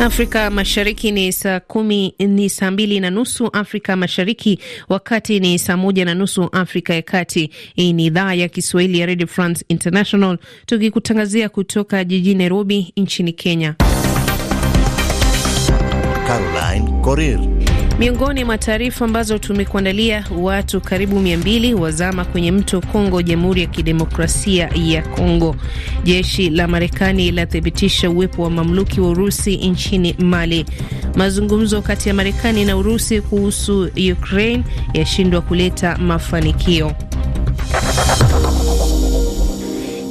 Afrika Mashariki ni saa kumi, ni saa mbili na nusu Afrika Mashariki, wakati ni saa moja na nusu Afrika ya Kati. Hii ni idhaa ya Kiswahili ya Radio France International tukikutangazia kutoka jijini Nairobi nchini Kenya. Caroline Coril Miongoni mwa taarifa ambazo tumekuandalia, watu karibu mbili wazama kwenye mto Kongo, Jamhuri ya Kidemokrasia ya Kongo. Jeshi la Marekani lathibitisha uwepo wa mamluki wa Urusi nchini Mali. Mazungumzo kati ya Marekani na Urusi kuhusu Ukraine yashindwa kuleta mafanikio.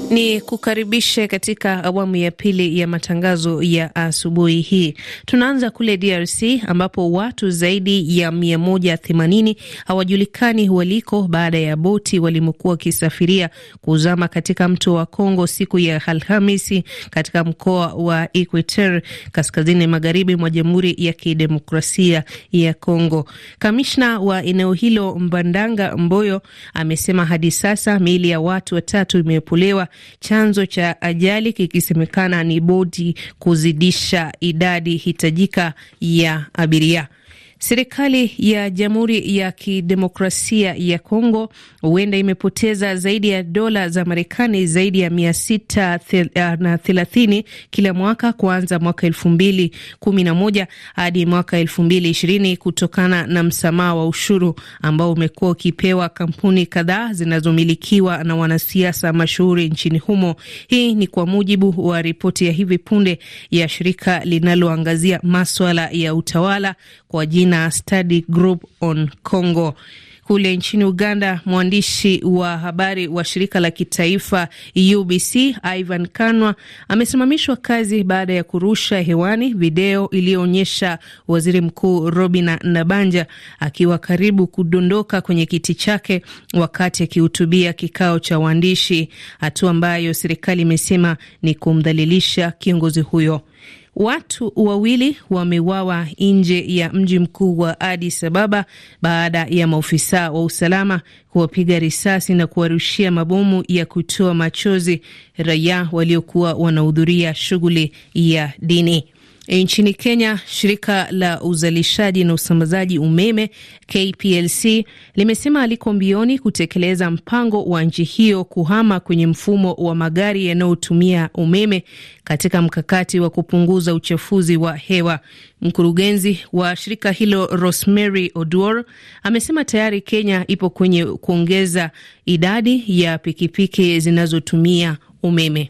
Ni kukaribishe katika awamu ya pili ya matangazo ya asubuhi hii. Tunaanza kule DRC ambapo watu zaidi ya 180 hawajulikani waliko baada ya boti walimokuwa wakisafiria kuzama katika mto wa Kongo siku ya Alhamisi katika mkoa wa Equateur kaskazini magharibi mwa Jamhuri ya Kidemokrasia ya Kongo. Kamishna wa eneo hilo Mbandanga Mboyo amesema hadi sasa miili ya watu watatu imepolewa chanzo cha ajali kikisemekana ni boti kuzidisha idadi hitajika ya abiria. Serikali ya Jamhuri ya Kidemokrasia ya Kongo huenda imepoteza zaidi ya dola za Marekani zaidi ya mia sita ah, na thelathini kila mwaka kuanza mwaka elfu mbili kumi na moja hadi mwaka elfu mbili ishirini kutokana na msamaha wa ushuru ambao umekuwa ukipewa kampuni kadhaa zinazomilikiwa na wanasiasa mashuhuri nchini humo. Hii ni kwa mujibu wa ripoti ya hivi punde ya shirika linaloangazia maswala ya utawala kwa jina na Study Group on Congo. Kule nchini Uganda, mwandishi wa habari wa shirika la kitaifa UBC Ivan Kanwa amesimamishwa kazi baada ya kurusha hewani video iliyoonyesha waziri mkuu Robin Nabanja akiwa karibu kudondoka kwenye kiti chake wakati akihutubia kikao cha waandishi, hatua ambayo serikali imesema ni kumdhalilisha kiongozi huyo. Watu wawili wameuawa nje ya mji mkuu wa Addis Ababa baada ya maofisa wa usalama kuwapiga risasi na kuwarushia mabomu ya kutoa machozi raia waliokuwa wanahudhuria shughuli ya dini. E, nchini Kenya, shirika la uzalishaji na usambazaji umeme KPLC limesema aliko mbioni kutekeleza mpango wa nchi hiyo kuhama kwenye mfumo wa magari yanayotumia umeme katika mkakati wa kupunguza uchafuzi wa hewa. Mkurugenzi wa shirika hilo Rosemary Oduor amesema tayari Kenya ipo kwenye kuongeza idadi ya pikipiki zinazotumia umeme.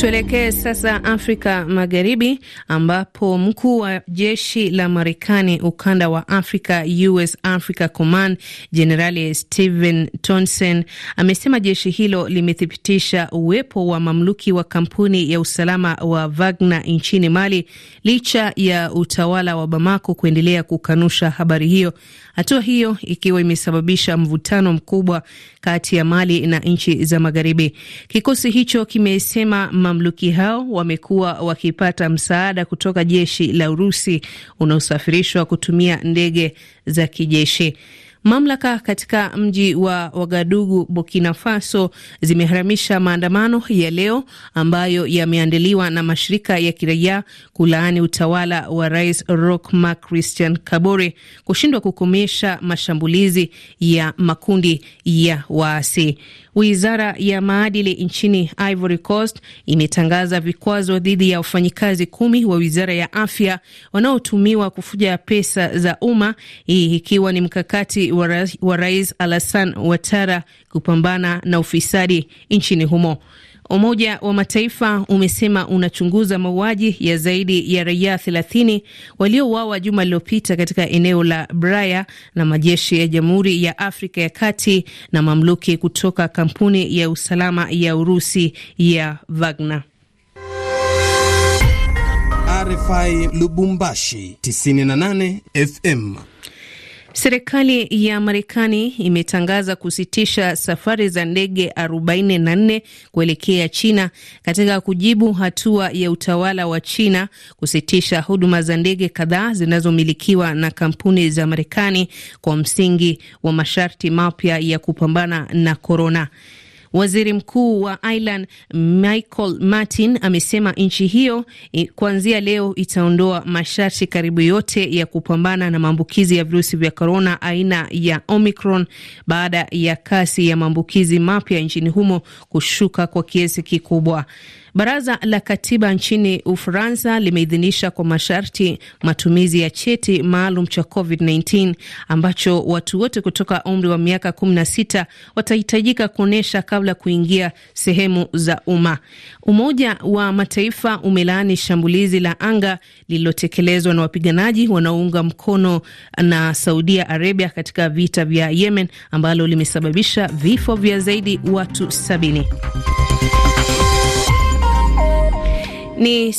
Tuelekee sasa Afrika Magharibi, ambapo mkuu wa jeshi la Marekani ukanda wa Afrika, US Africa Command, Jenerali Stephen Tonson amesema jeshi hilo limethibitisha uwepo wa mamluki wa kampuni ya usalama wa Wagner nchini Mali licha ya utawala wa Bamako kuendelea kukanusha habari hiyo, hatua hiyo ikiwa imesababisha mvutano mkubwa kati ya Mali na nchi za Magharibi. Kikosi hicho kimesema mamluki hao wamekuwa wakipata msaada kutoka jeshi la Urusi unaosafirishwa kutumia ndege za kijeshi. Mamlaka katika mji wa Wagadugu, Burkina Faso, zimeharamisha maandamano ya leo ambayo yameandaliwa na mashirika ya kiraia kulaani utawala wa Rais Roch Marc Christian Kabore kushindwa kukomesha mashambulizi ya makundi ya waasi. Wizara ya maadili nchini Ivory Coast imetangaza vikwazo dhidi ya wafanyikazi kumi wa wizara ya afya wanaotumiwa kufuja pesa za umma, hii ikiwa ni mkakati wa Rais Alasan watara kupambana na ufisadi nchini humo. Umoja wa Mataifa umesema unachunguza mauaji ya zaidi ya raia 30 waliouawa juma lililopita katika eneo la Braya na majeshi ya Jamhuri ya Afrika ya Kati na mamluki kutoka kampuni ya usalama ya Urusi ya Wagner. RFI Lubumbashi 98 FM. Serikali ya Marekani imetangaza kusitisha safari za ndege 44 kuelekea China katika kujibu hatua ya utawala wa China kusitisha huduma za ndege kadhaa zinazomilikiwa na kampuni za Marekani kwa msingi wa masharti mapya ya kupambana na korona. Waziri Mkuu wa Ireland Michael Martin amesema nchi hiyo eh, kuanzia leo itaondoa masharti karibu yote ya kupambana na maambukizi ya virusi vya korona aina ya Omicron baada ya kasi ya maambukizi mapya nchini humo kushuka kwa kiasi kikubwa. Baraza la katiba nchini Ufaransa limeidhinisha kwa masharti matumizi ya cheti maalum cha COVID-19 ambacho watu wote kutoka umri wa miaka 16 watahitajika kuonyesha kabla kuingia sehemu za umma. Umoja wa Mataifa umelaani shambulizi la anga lililotekelezwa na wapiganaji wanaounga mkono na Saudia Arabia katika vita vya Yemen ambalo limesababisha vifo vya zaidi watu sabini. Ni